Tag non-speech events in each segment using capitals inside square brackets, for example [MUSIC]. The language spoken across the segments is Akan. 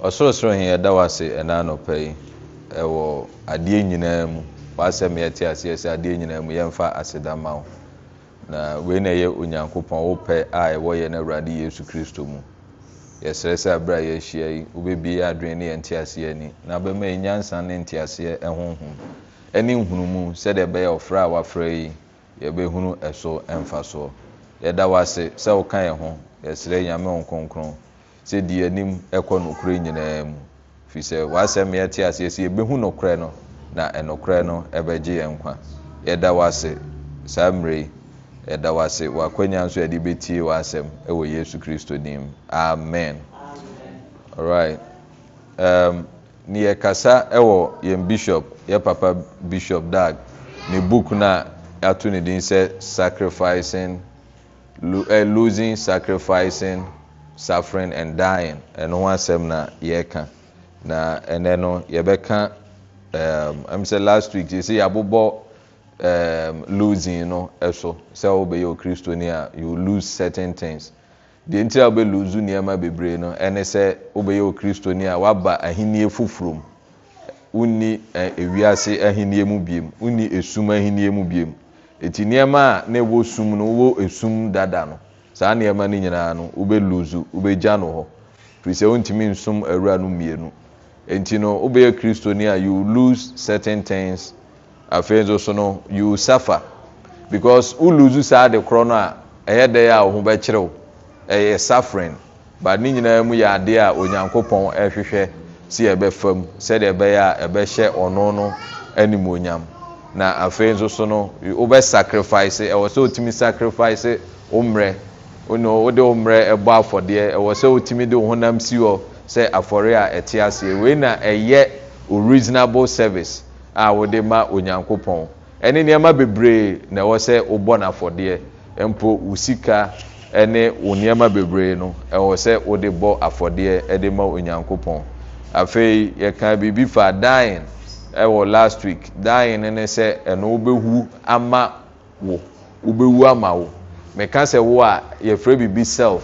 ɔsorosoro he yɛda w ase ɛna nɔpa yi ɛwɔ adeɛ nyinaa mu yɛ waasɛm ase yɛ sɛ adeɛ nyinaa mu yɛmfa aseda ma wo na wei na ɛyɛ onyankopɔn wopɛ a ɛwɔ yɛ no awurade yesu kristo mu yɛsrɛ sɛ aberɛ a yɛahyia yi wobɛbie yɛ adwene ne yɛ nteaseɛ ani na bɛma ɛnyansa ne nteaseɛ honhom ɛne nhunumu sɛdeɛ ɛbɛyɛ ɔfrɛ a wafrɛ yi yɛbɛhunu ɛso ɛmfa soɔ yɛda w ase sɛ woka yɛ ho yɛsrɛ nyame wo kronkron sɛdeɛ anim ɛkɔ nokorɛ nyinaa mu firi sɛ w'asɛm yɛte aseɛ sɛ yɛbɛhu nokorɛ no na ɛnokorɛ no ɛbɛgye yɛ nkwa yɛda w'ase saa mmerɛyi yɛda w'ase w'akwanya nso yɛde bɛtie w'asɛm ɛwɔ yesu kristo nim amen alright um, ne yɛkasa ɛwɔ yɛn bishop yɛ papa bishop dag ne book no a ato ne din sɛ sacrificing lo uh, losing sacrificing suffering and dying ɛno ho asɛm na ka na ɛnɛ no yɛbɛka m sɛ last week ti sɛ yɛabobɔ losing no ɛso sɛ kristo oh, okristoni a you lose certain things deɛ ntira wobɛluso nneɛma bebree no ɛne sɛ kristo okristoni a woaba ahenniɛ e foforom wonni ewiase eh, e ahenniɛ mu biom wonni ɛsum ahenniɛ mu biom eti nneɛma a e ne ɛwɔ sum no wowɔ ɛsum dada no saa nnoɔma no nyinaa no wobɛluzu wobɛgya no hɔ firi sɛ wontumi nsom awura no mmienu ɛnti no wobɛyɛ kristoni a you lose certain things afei nso so no you suffer because saa si ɛbɛfam sɛdeɛ a ɛbɛhyɛ ɔno no na afei nso so no wobɛ sacrifice ɛwɔ sɛ wode wo mmerɛ ɛbɔ afɔdeɛ ɛwɔ sɛ wotumi de wo honam si hɔ sɛ afɔre a ɛte aseɛ wei na ɛyɛ oreasonable service a wode ma onyankopɔn ɛne nnoɔma bebree na ɛwɔ sɛ wobɔ no mpo wo sika ɛne wo bebree no ɛwɔ sɛ wode bɔ afɔdeɛ ma onyankopɔn afei yɛka biribi fa ɛwɔ last week ne sɛ ɛno ama wo wobɛwu ama wo meka sɛ wo a yɛfrɛ biribi self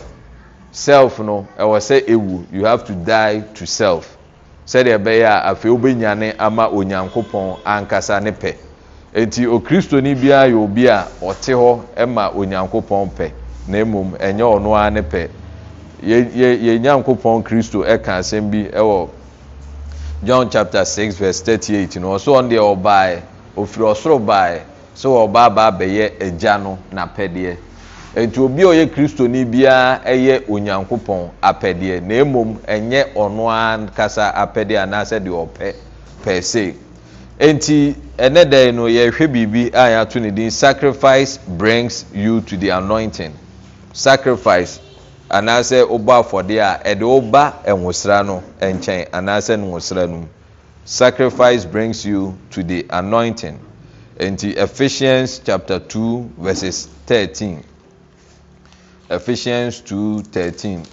self no ɛwɔ sɛ ewu you have to die to self sɛdeɛ ɛbɛyɛ a afei wobɛnyane ama onyankopɔn ankasa ne pɛ ɛnti okristoni biara yɛ obi a ɔte hɔ ma onyankopɔn pɛ na mmom ɛnyɛ ɔno ara ne pɛ yɛ nyankopɔn kristo ɛka asɛm bi ɛwɔ john chapter six verse 38 no ɔsɛ ɔno deɛ ɔbaeɛ ɔfiri ɔsoro baeɛ sɛ wɔɔbaabaa bɛyɛ agya no pɛdeɛ. ɛnti obi a ɔyɛ kristoni biara ɛyɛ onyankopɔn apɛdeɛ na mmom ɛnyɛ ɔno ankasa apɛdeɛ anaasɛ deɛ ɔpɛ pɛɛ se enti ɛnɛ dɛn no yɛrehwɛ biribi a yɛato ne din sacrifice brings you to the anointing sacrifice anaasɛ wobɔ afɔdeɛ a ɛde woba ɛnwosra no nkyɛn anaasɛ nwosra no sacrifice brings you to the anointing enti Ephesians chapter two verses thirteen ephesians 2:13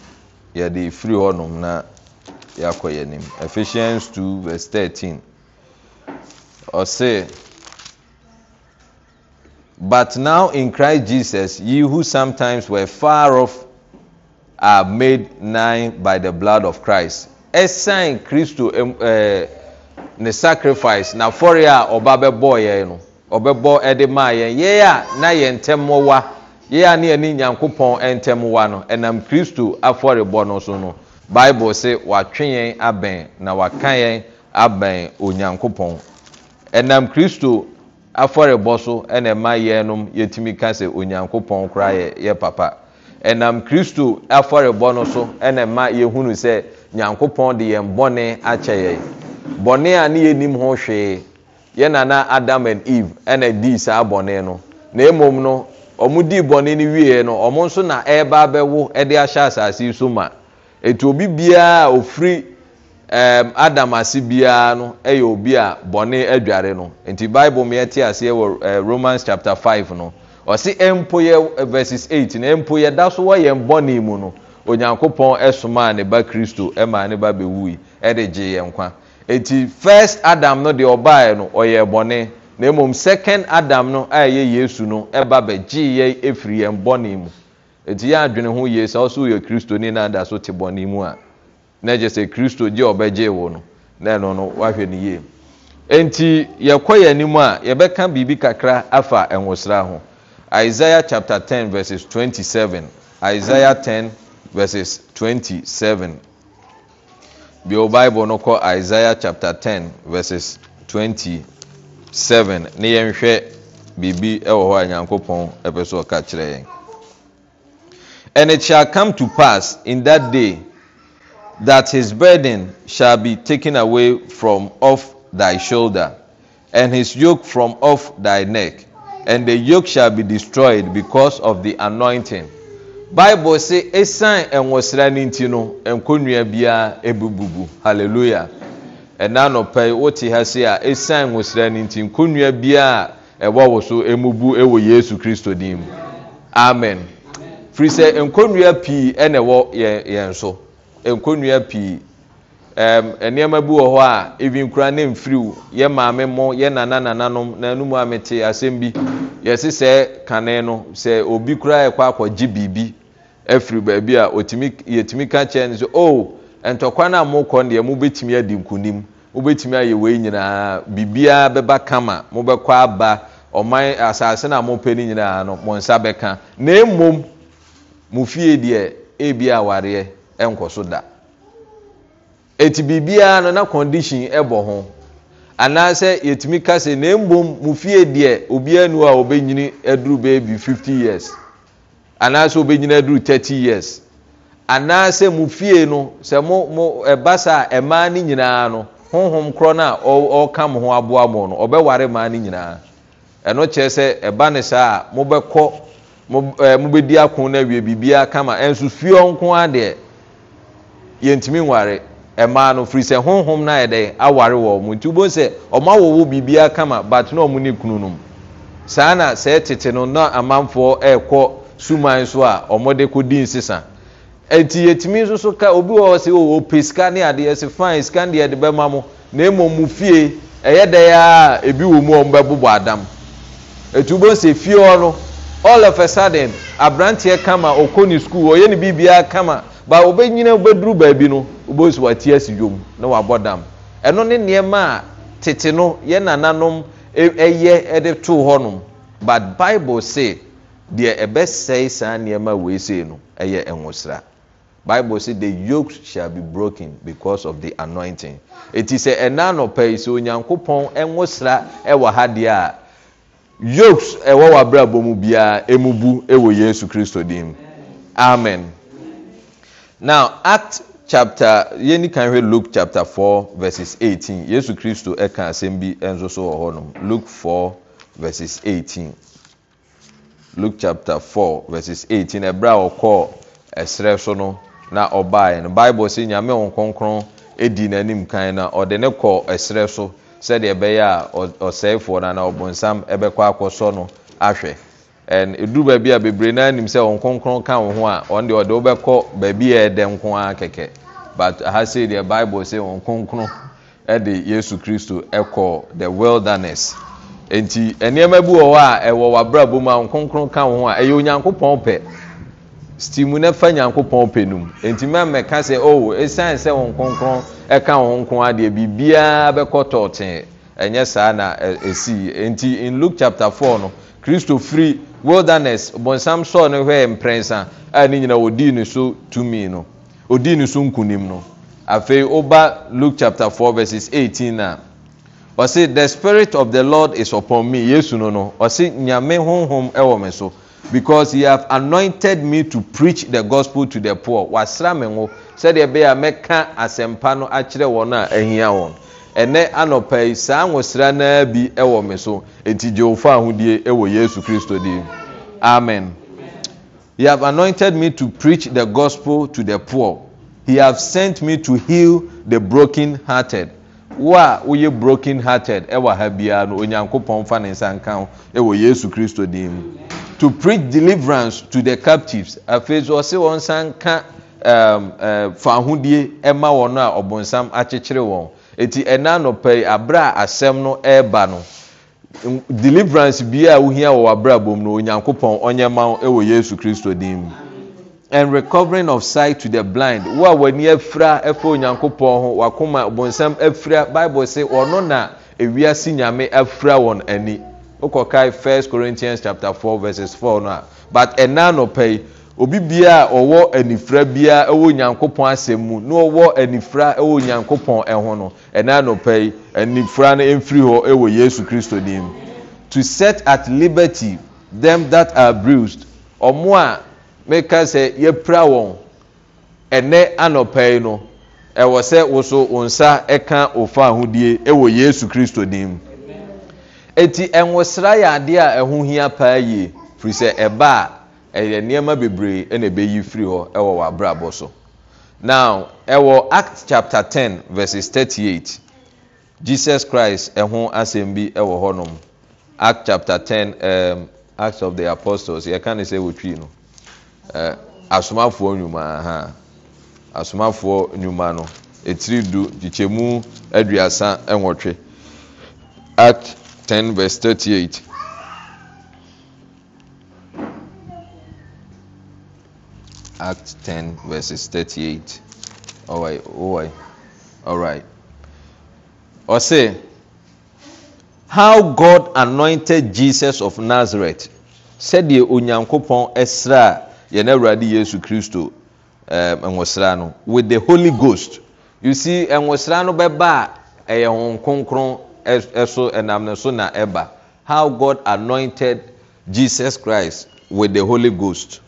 yɛde firi hɔnom na yɛakɔ yɛn anim ephesians 2:13 ɔse. But now in Christ Jesus, ye who sometimes were far off are made nigh by the blood of Christ. Ɛsan Kristo ɛɛ eh, ne sacrifice na afɔre a ɔba bɛbɔ yɛn no ɔbɛbɔ ɛde maa yɛn yɛn a na yɛn ntɛm wɔwa. yɛɛ a ne ɛne nyankopɔn ɛntɛm wa no ɛnam kristu afɔrebɔ no so no bible se watwe yɛn abɛn na waka yɛn abɛn onyankopɔn ɛnam kristo afɔrebɔ so ɛne ɛma yɛnom yɛtumi ka sɛ onyankopɔn koraa yɛ papa ɛnam kristu afɔrebɔ no so ɛne ɛma yɛhunu sɛ nyankopɔn de yɛn bɔne akyɛ yɛn bɔne a ne yɛnim ho hwee yɛnana adam and eve ɛna dii saa bɔne no na emom no ɔmo dii bɔne no wieɛ no ɔmo nso na ɛɛba bɛwo ɛde ahyɛ asase so ma ɛti obi biara ofiri ɔfiri adam ase biara no ɛyɛ obi a bɔne adware no nti bible meɛte aseɛ wɔ eh, romans chapter 5 no ɔse ɛmpo yɛ eh, vs 8 no ɛmpo da so wɔ yɛn bɔne mu no onyankopɔn ɛsomaa ne ba kristo maa ne ba bɛwui ɛde gye yɛn nkwa eti first adam no deɛ ɔbaeɛ no ɔyɛ bɔne na mmom second adam no a ɛyɛ yesu no ɛba bɛgyee yɛ ɛfiri yɛn bɔne mu ɛti yɛ adwene ho yie sɛ ɔso yɛ kristoni na ada so te bɔne mu a na gye sɛ kristo gye ɔbɛgyee wo no na ɛno no wahwɛ no yie enti yɛkɔ yɛn anim a yɛbɛka biribi kakra afa ɛnwosra ho isaiah chapter ten verses twenty-seven isaiah ten verses twenty-seven bio bible no kɔ isaiah chapter ten verses twenty Seven. ne yɛnhwɛ biribi wɔ hɔ a nyankopɔn ɛpɛ sɛ ɔka kyerɛ yɛn And it shall come to pass in that day that his burden shall be taken away from off thy shoulder, and his yoke from off thy neck, and the yoke shall be destroyed because of the anointing. Bible say, "Esan ɛnwɔsra ne ti no, nkonnua biara ebububu. Hallelujah." ɛna nɔpɛi wote ha se a ɛsiane wo sra no nti nkonnua biaa ɛwɔ wo so mubu ɛwɔ yesu kristo din mu amen firi sɛ nkɔnnua pii na wɔ yɛn so nkɔnnua pii nnoɔma bi wɔ hɔ a ɛvi nkora ne mfiriw yɛ maame mmɔ yɛ nananananom na a mete asɛm bi yɛse sɛ kane no sɛ obi koraa ɛkɔ akɔgye biribi afiri baabi a yɛtumi ka kyerɛ so sɛ oh, ntɔkwa no a mokɔ n deɛ mobɛtumi adi nkonim wobɛtumi ayɛ wei nyinaa biribiaa bɛba kama mobɛkɔ aba ɔman asase no a mopɛ no nyinaa no mo nsa bɛka na mmom mo fie deɛ ebia awareɛ nkɔ so da ɛti biribiara no na condition bɔ ho anaasɛ yɛtumi ka sɛ na mmom mo fie deɛ obiaa nu a ɔbɛnyini aduru bɛɛbi 50 years anaasɛ ɔbɛnyini aduru 30 years anaasɛ mo fie no sɛ ɛba sa a ɛmaa no nyinaa no honhom korɔ no a ɔrɔka mo ho aboa mo no ɔbɛware mmaa no nyinaa ɛno kyerɛ sɛ ɛba ne saa a mobɛkɔ mobɛdi ako no awie biribiaa kama ɛnso fie ɔ nko a deɛ yɛntumi nware ɔmaa no firi sɛ honhom no ayɛdɛ aware wɔ mu nti wobɛhu sɛ ɔma wɔwɔ biribiaa kama but na ɔmo ne kunu nom saa na sɛɛ tete no na amanfoɔ ɛɛkɔ suman so a ɔmode kɔdi nsesa ɛnti yɛtumi nso so ka obi wɔ sɛ ɔpɛ oh, sika ne adeɛ sɛ fine sika ne deɛ de ma mo na mmom mu fie ɛyɛ dɛ a ebi wɔ mu a wɔn bɛbobɔ adam etu bɔ sɛ fie hɔ no all of a sudden aberanteɛ kama ɔkɔ ne school ɔyɛ ne biribiara kama ba ɔbɛnyina ɔbɛduru baabi no ɔbɛ sɛ wate asi dwom na wabɔ dam ɛno ne nneɛma a tete no yɛ nananom e, ɛyɛ ɛde to hɔnom but bible say deɛ ɛbɛsɛe saa nneɛma wei sei no ɛyɛ ɛnwosra. bible says the yokes shall be broken because of the anointing It is sɛ ɛna nɔpɛyi sɛ onyankopɔn ɛwo sra ɛwɔ a yokes ɛwɔ w'abrabɔ mu biara ɛmu bu ɛwɔ yesu kristo amen now act chapter yɛni kan hwɛ luke chapter 4 verses 18 yesu kristo ɛka asɛm bi ɛnso so wɔ hɔnom luke 4 verses 18 luke chapter 4 verses 18 ɛberɛ a wɔkɔɔ so no na ɔbaeɛ no bible sɛ nyame wo kronkron di n'anim kan na ɔde ne kɔ ɛserɛ so sɛdeɛ ɛbɛyɛ a ɔsɛefoɔ no anaa ɔbonsam bɛkɔ akɔsɔ no ahwɛ ɛduru baabi a bebree naa anim sɛ wo kronkron ka wo ho a ɔn deɛ ɔde wobɛkɔ baabi a ɛdɛ nko ara kɛkɛ but ha sei deɛ bible sɛ wo kronkron de yesu kristo ɛkɔ the wilderness Nti nnoɔma bi wɔ hɔ a ɛwɔ w'abrabɔ mu a wo kronkron ka wo ho a ɛyɛ onyankopɔn pɛ stimu no fa nyankopɔn pɛ nom ɛntimi amɛka sɛ o oh, ɛsiane sɛ wo kronkron ɛka wo nkron adeɛ biribiaa bɛkɔ tɔɔtee ɛnyɛ saa na ɛsii ɛnti in luke chapter four, no kristo firi wilderness bɔnsam sɔɔ no hwɛ mprɛnsa a ne nyina ɔdii ne so tumi no ɔdii ne so nkonim no afei woba luke chapter four verses eighteen a ɔse the spirit of the lord is upon me yesu no no ɔse nyame honhom ɛwɔ me so because ye have anointed me to preach the gospel to the poor wasra me wo sɛdeɛ ɛbɛɛ a mɛka asɛmpa no akyerɛ wɔ n a ahia wɔn ɛnɛ anɔpayi saa nwosra noa bi ɛwɔ me so enti jewofa ahodie wɔ yesu kristo dim amen ye have anointed me to preach the gospel to the poor ye have sent me to heal the broken hearted wo a woyɛ broken hearted ɛwɔ ha biara no onyankopɔn fa ne nsa nka ho ɛwɔ yesu kristo din mu to preach deliverance to the captives afei so ɔse wɔn nsa nka fahodie ɛma wɔ no a ɔbonsam akyekyere wɔn ɛti ɛna nɔpɛi aberɛ a asɛm no ɛɛba um, no deliverance biaa wohia wɔw'abrɛ bɔmu no onyankopɔn ɔnyɛ ma wo ɛwɔ yesu kristo din and recovering of sight to the blind wo a w'ani afira afa onyankopɔn ho wakoma bonsam afira bible say ɔno na ewiase nyame afira wɔn ani wokɔkae first corinthians chapter four verses four no a but ɛna anɔpɛ yi obi bia a ɔwɔ anifira bia ɛwɔ onyankopɔn asɛm mu na ɔwɔ anifira ɛwɔ onyankopɔn ɛho no ɛna anɔpɛ yi anifira no mfiri hɔ ɛwɔ yesu kristo nim to set at liberty them that are bruised ɔmo a. mɛka sɛ yɛpra wɔn ɛnɛ anɔpai no ɛwɔ sɛ wo so wo nsa ka o fahodie wɔ yesu kristo dinmu ɛnti ɛwosra yɛ adeɛ a ɛho hia paa yie firi sɛ ɛba a ɛyɛ nnoɔma bebree ne bɛyi firi hɔ wɔ w'abrabɔ son ɛwɔ act c1038 jsus cris ho asɛm bi wɔ hɔo0ɛɛɔ asomafoɔ wuma asomafoɔ nnwuma no ɛtiri du tikyɛmu aduasa wɔtwe00 ɔse how god anointed jesus of nazareth sɛdeɛ onyankopɔn srɛ a yɛn awurade yesu kristo ɛnwosra eh, no with the holy ghost you see ɛnwosra eh, no bɛba a ɛyɛ hon kronkron ɛso eh, ɛnam ne so na ɛba how god anointed jesus christ with the holy ghost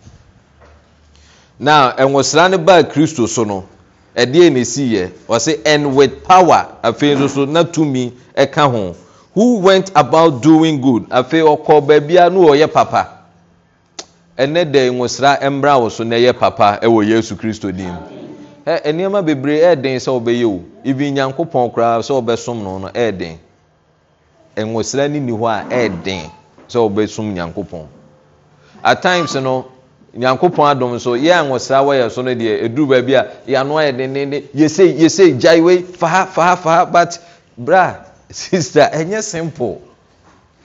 now ɛnwosra no baa kristo so no ɛdeɛ ne si yɛ and with power afei nso so na tumi ɛka ho who went about doing good afei ɔkɔ baabi a no ɔyɛ papa. ɛnɛ dɛ nwosra mmra wosu na ɛyɛ papa wɔ yesu kristo dim nnoɔma bebree ɛden sɛ wobɛyɛ o ibi nyankopɔn koraa sɛ wobɛsom no no ɛden nwosra no ni hɔ a ɛden sɛ wobɛsom nyankopɔn times no nyankopɔn adom so yɛ anwosra wɔyɛ so no deɛ ɛduru baabi a yɛano ayɛ dennene yɛsei gyaewei fahafahafaha but bra [LAUGHS] sista ɛnyɛ simple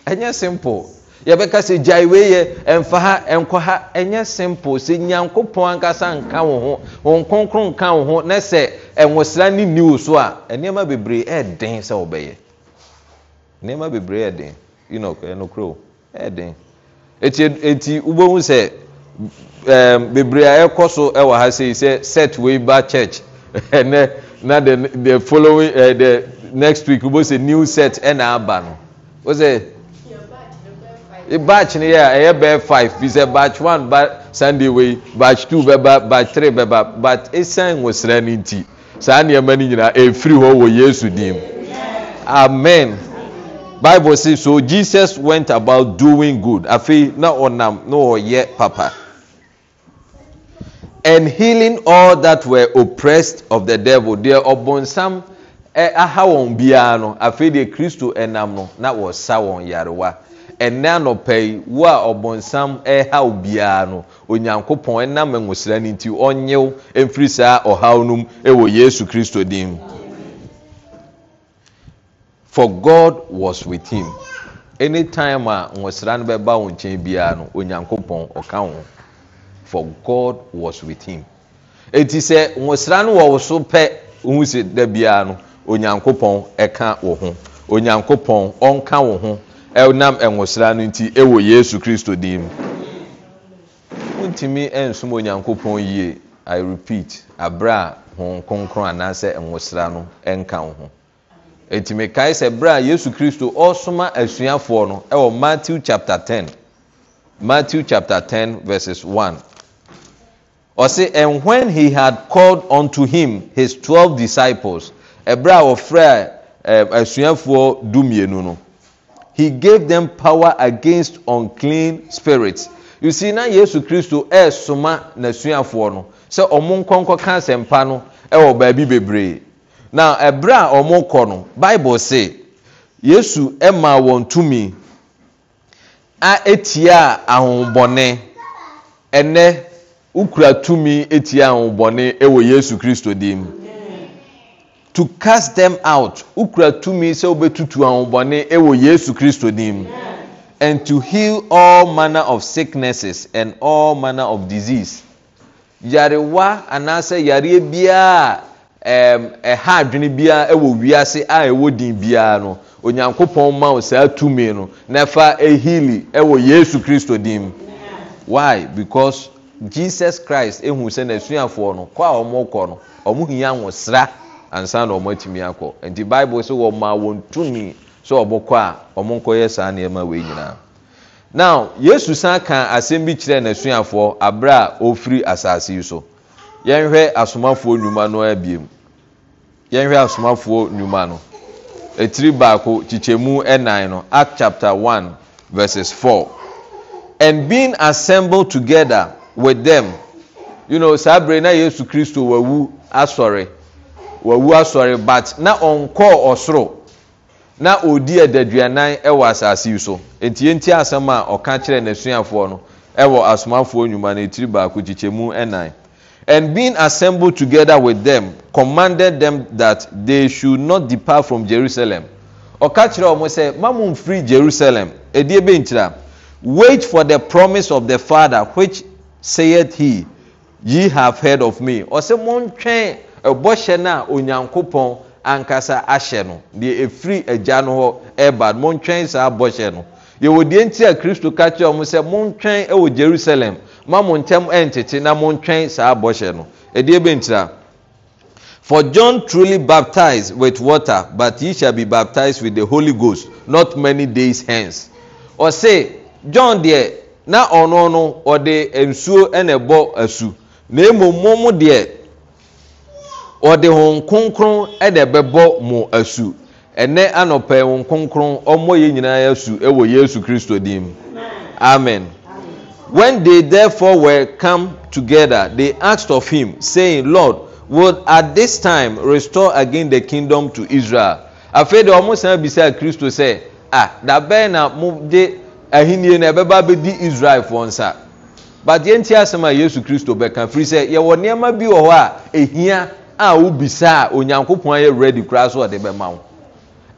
ɛnyɛ simple yɛbɛka sɛ gyaewei yɛ ɛmfa ha ɛnkɔ ha ɛnyɛ simple sɛ nyankopɔn ankasa nka wo ho wɔn kronkron nka wo ho na sɛ ɛnwosra ne ni wo so a nnoɔma bebree ɛɛden sɛ wobɛyɛ nnoɔma bebree ɛɛden inok ɛnokuro ɛɛden ɛti ɛti wobɛhu sɛ ɛɛm bebree a ɛkɔ so ɛwɔ ha sɛ sɛ set wey ba church [LAUGHS] ɛnɛ na the the following ɛɛ the next week wobɛ sɛ new set ɛna aba no wosɛ. batch niya yɛ ɛyɛ bɛɛ 5 firi sɛ batch 1 ba sunday wei batch 2 bɛba batch 3 bɛba but ɛsiane wosrɛ no nti saa nnoɔma no nyinaa ɛfiri hɔ wɔ yesu dim amen bible say so jesus went about doing good afei na ɔnam na ɔyɛ papa and healing all that were oppressed of the devil deɛ ɔbɔnsam eh, aha wɔn biara no afei deɛ kristo ɛnam no na wɔsa wɔn yarewa ɛnɛ anɔpa yi wo a ɔbɔnsam ɛhaw biara no onyankopɔn ɛnam ɛwosra no nti ɔnyew mfiri saa ɔhaw mu ɛwɔ yesu kristo dim for god was with him anytime a nwosra no bɛba wo nkyɛn biara no onyankopɔn ɔka for god was with him eti sɛ nwosra no wɔwo so pɛ wohu da biara no onyankopɔn ɛka wo ho onyankopɔn ɔnka wo ho ɛnam ɛnwosra no nti ɛwɔ yesu kristo dim wontumi nsom onyankopɔn yie i repeat Abra a hohom kronkron anaasɛ ɛnwosra no ɛnka wo ho ɛnti mekae sɛ berɛ yesu kristo ɔsoma asuafoɔ no ɛwɔ Matthew chapter 10 Matthew chapter 10 verses 1 ɔse and when he had called unto him his 12 disciples ɛberɛ a ɔfrɛ eh, asuafoɔ dumienu no he gave them power against unclean spirits you see na yesu kristo ɛresoma n'asuafoɔ no sɛ ɔmo nkɔnkɔ ka asɛmpa no ɛwɔ baabi bebree na ɛberɛ a ɔmo kɔ no bible say, yesu ɛmaa wɔn tumi a etia ahombɔne ɛnɛ ukura tumi etia ahombɔne ɛwɔ yesu kristo dim to cast them out wokura tumi sɛ wobɛtutu ahobɔne wɔ yesu kristo nim and to heal all manner of sicknesses and all manner of disease yarewa anaasɛ yareɛ biara ɛha e adwene biara ɛwɔ wiase a ɛwɔ din biara no onyankopɔn ma wo saa tumi no na ɛfa ehili ɛwɔ yesu kristo dim why because jesus christ ehu sɛ n'asuafoɔ no kɔ a wɔn kɔ no wɔn hia wɔn sra ansa na ɔmo atumi akɔ nti bible sɛ wɔmaa wɔn tumi sɛ ɔmokɔ a ɔmo nkɔyɛ saa nnoɔma wei nyinaa now yesu san ka asɛm bi kyerɛɛ n'asuafoɔ aberɛ a ɔfiri asase yi so yɛnhwɛ asomafoɔ nnwuma no abiem yɛnhwɛ asomafoɔ nnwuma no ɛtiri baako kyikyɛmu ɛnan no act chapter one, verses four. and being assembled together with them you know saa bere na yesu kristo wawu asɔre wawu asɔre but na ɔnkɔɔ ɔsoro na ɔdi adaduanan wɔ asase yi so ɛnti yɛnti asɛm a ɔka kyerɛ n'asuafoɔ no ɛwɔ asomafoɔ nnwuma no ɛtiri baako kyikyɛmu ɛnan and being assembled together with them commanded them that they should not depart from Jerusalem ɔka kyerɛ wɔn sɛ mamu nfiri Jerusalem ɛdeɛ bɛ nkyira wait for the promise of the Father which saith he ye have heard of me ɔsɛ mo ntwɛn ɛbɔhyɛ no a onyankopɔn ankasa ahyɛ no deɛ ɛfiri agya no hɔ ɛba no montwɛn saa bɔhyɛ no yɛwɔ deɛ nti a kristo ka kyerɛ ɔ mo sɛ montwɛn jerusalem ma mo ntɛm ɛntete na montwɛn saa bɔhyɛ no ɛdeɛ bɛntira For John truly baptized with water, but ye shall be baptized with the Holy Ghost not many days hence. Ɔse John deɛ na ɔno no ɔde nsuo na ɛbɔ asu na emu mom deɛ wɔde hon kronkron ɛna ɛbɛbɔ mo asu ɛnɛ anɔpɛ hon kronkron ɔmmɔ yɛn nyinaa asu ɛwɔ yesu kristo dim amen when they therefore were come together they asked of him saying lord would at this time restore again the kingdom to israel afei de ɔmo san bisa kristo sɛ ah dabɛn na mo de ahinie na ɛbɛba abɛdi israelfoɔ nsa but yɛn ti asɛm a yesu kristo bɛka firi sɛ yɛwɔ nneɛma bi wɔ hɔ a ehia. a wobisa a onyankopɔn ayɛ werɛdi koraa so ɔde bɛma wo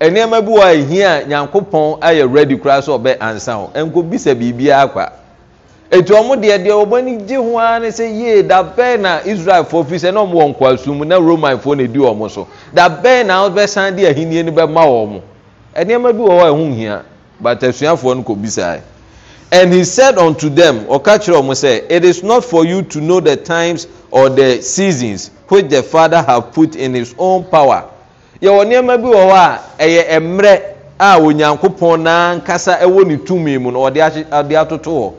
Nneɛma bi wɔ ɛhi a nyankopɔn ayɛ werɛdi koraa so ɔbɛ ansa ho ɛnkɔbisa biribiara kwa ɛti ɔmo deɛ deɛ wɔbɔne gye ho ara ne sɛ yee dabɛn na israelfoɔ firi sɛ ne ɔmowɔ nkoasom mu na romanfoɔ ne di ɔ mo so dabɛn na wobɛsan de ahennie no bɛma wɔn. mo ɛnoɔma bi wɔ hɔ ɛho nhia but asuafoɔ no kɔbisae And he said unto them, Ọ̀ka kyerɛ It is not for you to know the times or the seasons which the Father have put in his own power. Yɛwɔ nneɛma bi wɔ hɔ a ɛyɛ mmerɛ a Onyankopɔn n'ankasa ɛwɔ ne tumi mu na ɔde atoto hɔ.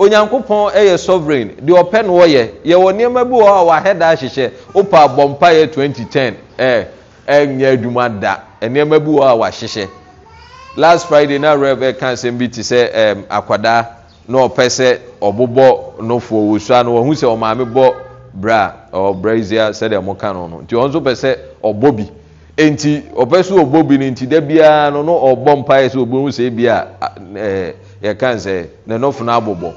Onyankopɔn ɛyɛ sovereign, deɛ ɔpɛ na ɔyɛ. Yɛwɔ nneɛma bi wɔ hɔ a wahɛda ahyehyɛ, Opa Abɔmpa yɛ 2010 ɛɛ ɛnyɛ adwuma da, nneɛma bi wɔ hɔ a wahyehyɛ last friday na rev ɛka asɛm bi te sɛ ɛm akwadaa na ɔpɛ sɛ ɔbobɔ nofoɔ wɔ sua no ɔhu sɛ ɔmaame bɔ bra ɔ brazil sɛdeɛ mo ka no no nti ɔn nso pɛ sɛ ɔbɔ bi nti ɔpɛ so ɔbɔ bi no nti da no no ɔbɔ mpaeɛ sɛ ɔbɔ hu sɛ bi a ɛɛ yɛka sɛ ne nɔfo no abobɔ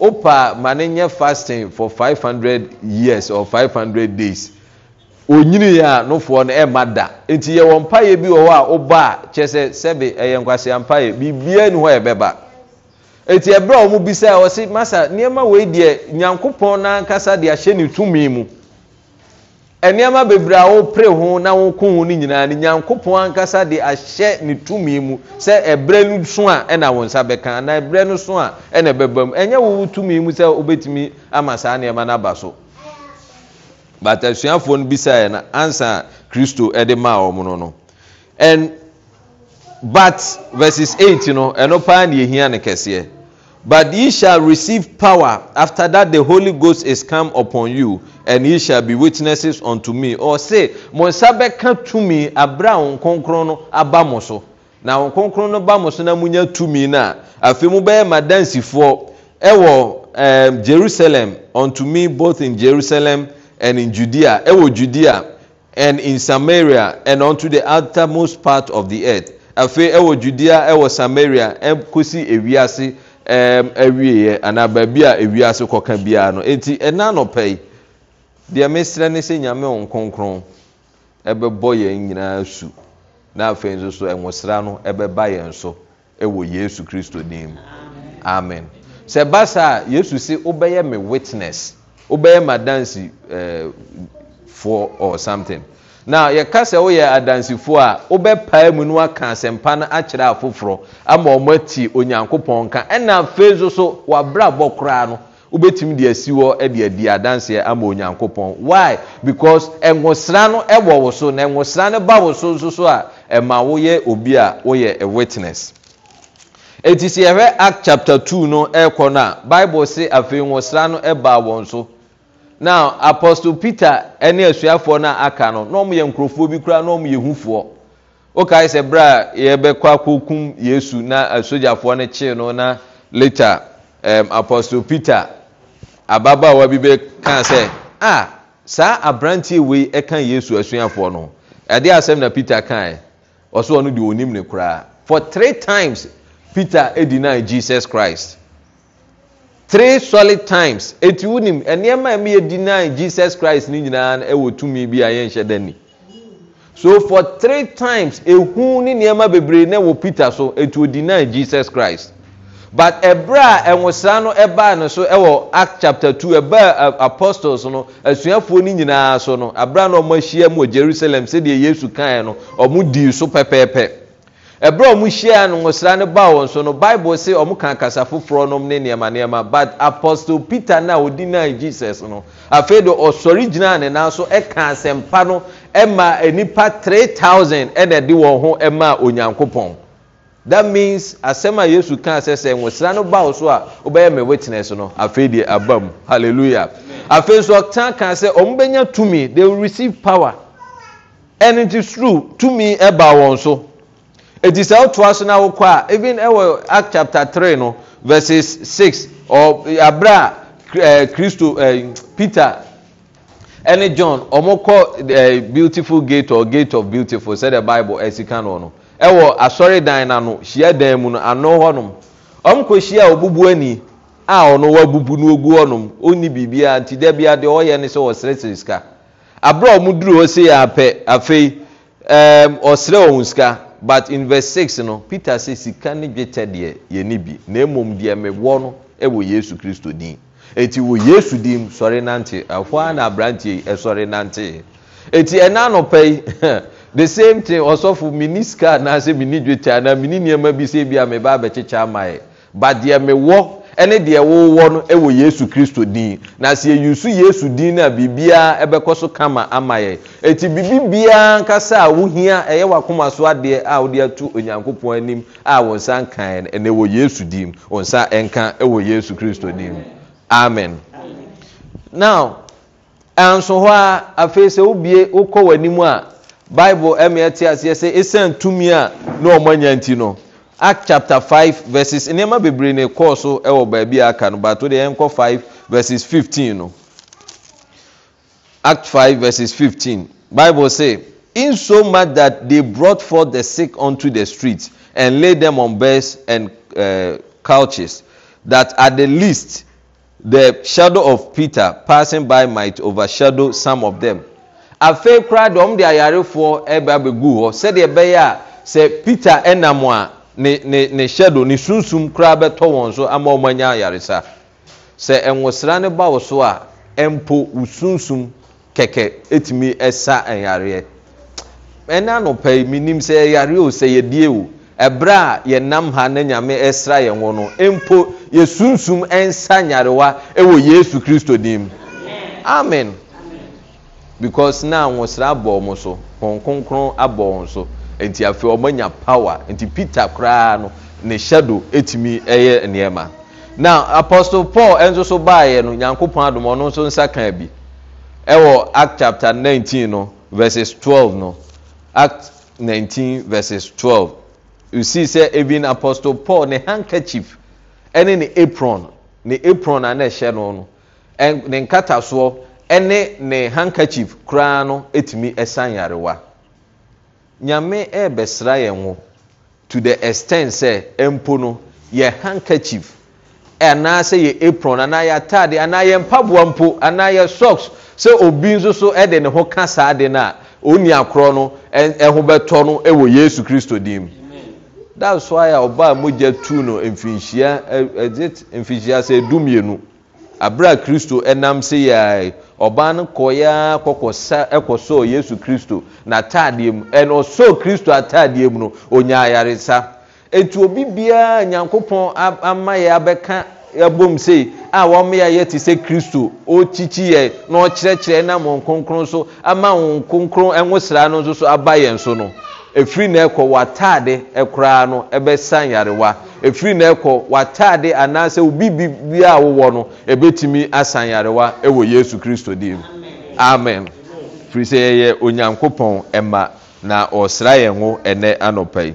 opa ma ne nyɛ fasting for five hundred years or five hundred days. ɔnyini a nofoɔ no ɛma da ɛnti yɛwɔ mpayɛ bi wɔ hɔ a woba a kyɛr sɛ sɛbi ɛyɛ nkwasea mpayɛ biribiaa ni hɔ ɛbɛba. Eti ɛberɛ a ɔmu bisaa ɔ ɔsi masa nnoɔma wei deɛ nyankopɔn n'ankasa deɛ ahyɛ ne tumi mu ɛnoɔma bebree a wopere ho na woko ho no nyinaa no nyankopɔn ankasa deɛ ahyɛ ne tumi mu sɛ ɛberɛ no so a ɛna wo nsa bɛka na ɛberɛ no so a ɛna bɛba mu ɛnyɛ wowo tumi mu sɛ wobɛtumi ama saa nnoɔma no so but asuafoɔ no bisaeɛ no ansa kristo de maa ɔ m no no and but verses 8 no ɛno paa ne yɛhia no kɛseɛ but ye shall receive power after that the holy ghost is come upon you and ye shall be witnesses unto me Or say, mo nsa bɛka tumi aberɛ a wo kronkron no aba mo so na wo kronkron no ba mo so na monya tumi no afei mu bɛyɛ ma dansifoɔ ɛwɔ eh, jerusalem unto me both in jerusalem and in Judea, ewo Judea, and in Samaria, and unto the uttermost part of the earth. Afei ewo Judea, ewo Samaria, and kusi um, awieɛ anaa baabi a ewiase kɔka Eti enano anɔpɛ yi, deɛ mesrɛ ne sɛ ebe wɔn kronkron su, na afei nso so ɛnwosra no ɛbɛba yɛn so ɛwɔ Yesu Kristo Amen. Se basa Yesu si wobɛyɛ me witness. wobɛyɛ ma danse eh, foɔ or something na yɛka sɛ woyɛ adansefoɔ a wobɛpae mu no waka asɛmpa no akyerɛ afoforɔ ama ɔmɔ ati onyankopɔn ka ɛna afei nso so wabrabɔ koraa no wobɛtumi de asi hɔ de adi adanseɛ ama onyankopɔn why because ɛnwosra no ɛwɔ wo so na ɛnwosra no ba wo so nso so a ɛma woyɛ obi a woyɛ a witness ɛti sɛ yɛhwɛ act chapter 2 no ɛrekɔ no a bible se afei nwosra no baa wɔn so now apostle peter ne asuafoɔ no aka no na ɔmyɛ nkurɔfoɔ bi koraa na ɔmyɛ hufoɔ wokae sɛ berɛ a yɛbɛkɔ akɔkum yesu na asogyafoɔ no kyee no na lata um, apostle peter ababa wa bi bɛkaa sɛ a saa abrantie wei ɛka yesu asuafoɔ no ɛdeɛ asɛm na peter kae ɔsɛ ɔno deɛ ɔnim ne koraa for three times peter deny jesus christ three solid times eti wunim nneɛma a yɛ deny jesus christ ne nyinaa wɔ tumi bi a yɛnhyɛ dɛ ni so for three times ehu ni nneɛma bebree na wɔ peter so etu deny jesus christ but ɛbrɛ a ɛnwosaa no ɛbaa ne so ɛwɔ act chapter two ɛbaa apostles no asuafoɔ ne nyinaa so no abira na wɔn ahyia mu wɔ jerusalem sɛdeɛ yesu kan no wɔn dii so pɛpɛɛpɛ. ɛberɛ ɔmhyieea no nwosra ne baw wɔ so no bible se ɔmo ka kasa foforɔ nom ne nnoɛmannoɔma but apostle peter no ɔdi nai jesus no afei deɛ ɔsɔre gyinaa ne na so ka asɛmpa no ma nnipa 3000 nɛ de wɔn ho maa onyankopɔn that means asɛm a yesu kaa sɛ sɛ nwosara no baw so a wobɛyɛ me witness no afei deɛ aba mu halleluja afei nso ɔta kaa sɛ ɔmobɛnya tumi the wl receive power ɛno nti suro tumi ba wɔn so ɛti sɛ wotoa so no a even ɛwɔ act chapter Three, no verses 6 eh, aberɛ a kristo eh, eh, peter ɛne john ɔmokɔ beautiful gate or gate of beautiful the bible asika no ah, no ɛwɔ asɔredan nano hyia dan mu no ano ah, hɔnom ɔmkɔhyia a ɔbubu ani a ɔno wabubu no ɔgu hɔnom ɔnni biribiaa nti da biadeɛ ɔyɛ ne sɛ wɔserɛsere sika aberɛ a ɔmoduru hɔ seyɛ apɛ afei ɔserɛ ɔhu sika but in verse six you no peter sɛ sika ne dwetɛ deɛ yɛni bi na mmom deɛ mewɔ no wɔ yesu kristo din eti wɔ yesu din sɔre nante ɛhɔ ara na aberanteɛ ɛsɔre nante eti ɛna anɔpɛ yi [LAUGHS] the same thing ɔsɔfo mini sika anaasɛ mini dwetɛ anaa mini nneɛma bi sɛ bi a meba abɛkyekyɛ ama yɛ but deɛ mewɔ ɛne deɛ wɔwɔ no wɔ yesu kristo din na sɛ yɛyusu yesu din no a biribiaa ɛbɛkɔ so kama ama yɛ ɛti biribibiaa nkasa a wohia ɛyɛ wakoma so adeɛ a wode ato onyankopɔn anim a wo nsa nkaeɛ no ɛnɛ yesu din wo nsa ɛnka wɔ yesu kristo din amen now ɛnso hɔ a afei sɛ wobie wokɔ anim a bible ɛmeɛ te aseɛ sɛ ɛsiane tumi a ne ɔmanya nti no act chapter five verses nnoɔma bebree ne kɔɔ so wɔ baabi a aka no bato deɛ yɛnkɔ 5 verses fifteen. no act five verses fifteen. bible say in so insomuch that they brought forth the sick unto the streets and laid them on beds and uh, couches that at the least the shadow of peter passing by might overshadow some of them afei koraa deɛ ɔm de ayarefoɔ ɛbɛ abɛgu hɔ sɛdeɛ ɛbɛyɛ a sɛ peter ɛnam a ne shadow ne sunsum koraa bɛtɔ wɔn so ama ɔmanya ayaresa sɛ ɛwosra no ba wo so a ɛmpo wo sunsum kɛkɛ ɛtumi ɛsa ɛyareɛ ɛna anɔpa yi menim sɛ ɛyareɛ o sɛ yɛdie o ɛberɛ a yɛnam ha na nyame ɛsra yɛn wɔ no mpo yɛ sunsum ɛnsa nyarewa ɛwɔ yesu kristo dim amen because na awosra abɔ mo so hɔn kronkron abɔ wɔn so nti afei ɔmo nya power nti peter koraa no ne shadow etimi ɛyɛ nneɛma na apostle paul nso so baayɛ no nyankopɔn adom ɔno nso nsa kan bi ɛwɔ act chapter nineteen no verses twelve no act nineteen verses twelve you see sɛ even apostle paul ne handkerchief ɛne ne apron ne apron a na ɛhyɛ no no ne nkatasoɔ ɛne ne handkerchief koraa no etimi ɛsan yarewa. nyame bɛsra yɛ wo to the extent sɛ mpo no yɛ handkerchief anaasɛ yɛ apron anaa yɛatade anaa yɛmpaboa mpo anaa yɛ soks sɛ obi nso so ɛde ne ho ka saa ade no a ɔnnua korɔ no ho bɛtɔ no wɔ yesu kristo dinmu thats wy a ɔbaa mogya tu no mfiinhyiait mfihyia sɛ dum yɛnu aberɛ a kristo ɛnam sɛ yɛa ɔbaa no kɔeɛa kɔkɔsɔɔ yesu kristo natadeɛ mu ɛn ɔsɔɔ kristo atadeɛ mu no ɔnya ayaresa obi biara nyankopɔn ama yɛ abɛka m sei a wɔmayɛyɛ te sɛ kristo ɔkyikyi yɛ na ɔkyerɛkyerɛ nam wɔn kronkron so ama wɔn kronkron ɛwo no nso so aba yɛn so no ɛfiri no ɛkɔ w'ataade koraa no bɛsa yarewa ɛfiri no ɛkɔ w'ataade anaasɛ wobibibiaa wowɔ no ɔbɛtumi asa yarewa wɔ yesu kristo di amen firi sɛ yɛyɛ onyankopɔn ɛma na ɔsra yɛn ho ɛnɛ anɔpa yi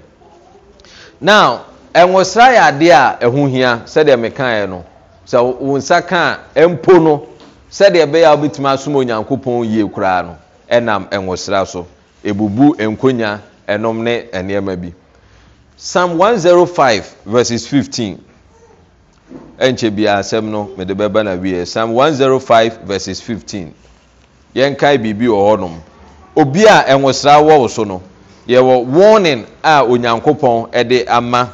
now ɛwɔsra yɛ adeɛ a ɛho hia sɛdeɛ mekaeɛ no sɛ wo nsa ka a ɛmpo no sɛdeɛ ɛbɛyɛ a wobɛtumi asom onyankopɔn yie koraa no ɛnam ɛwɔsra so ɛbubu nkonya ɛnom ne nnoɔma bi psalm 105 v15 ɛnkyɛ biaa asɛm no na wieɛ psalm 105 v15 biribi wɔ hɔ nom obi a ɛwosra wɔ so no yɛwɔ warning a onyankopɔn ɛde ama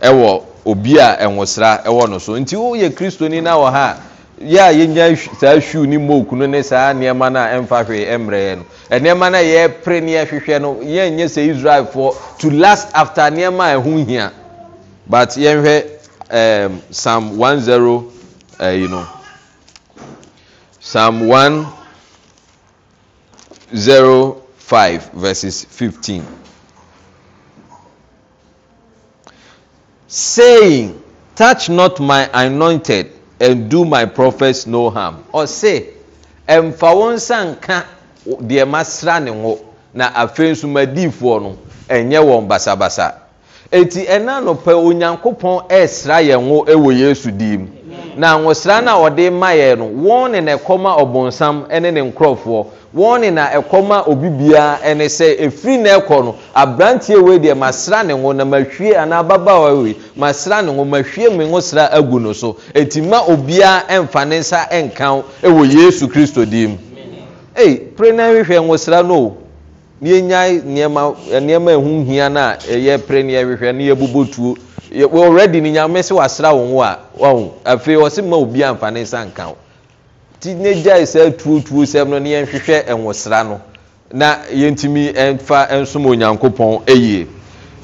ɛwɔ obi a ɛwosra ɛwɔ no so nti woyɛ kristoni na wɔ ha yɛa yɛya saa hwuw ne mookunu ne saa nnoɛma no a ɛmfahwe mmerɛɛ no annoɔma no a yɛpere ne yɛ hwehwɛ no yɛnyɛ sɛ israel f to last after nnoɛma a ɛho hia but yɛnhwɛ um, psalm 10 ai no psalm 105 v15 sayin touch not my anointed and do my prophets no harm ɔse ɛmfa wo nsa nka deɛ masra ne wo na afei nso madiifoɔ no ɛnyɛ wɔn basabasa ɛnti ɛna nopɛ onyankopɔn ɛsra yɛn wo wɔ yesu diim. na nwesra no a ɔde ma no wɔn ne na ɛkɔma ɔbɔnsam ne ne nkurɔfoɔ wɔn ne na ɛkɔma obi biara ɛne sɛ ɛfiri na ɛkɔ no aberanteɛ wei deɛ masra ne ho na mahwie anaa ababaawa wei masra ne ho mahwie me ho sra agu no so ɛti ma obiara ɛmfa ne nsa ɛnka ɛwɔ yesu kristo dim ee pere na nhwehwɛ nwesra no o na yɛnya nneɛma nneɛma ɛho hia na ɛyɛ pere na yɛhwehwɛ na yɛbobɔ tuo already ne nyame sɛ wasra wo wo a wahu afei ɔ se ma obi amfa ne nsa nka wo nti ne gyae tuotuo sɛm no ne yɛnhwehwɛ ɛwosra no na yɛntumi ɛmfa nsom onyankopɔn ɛyie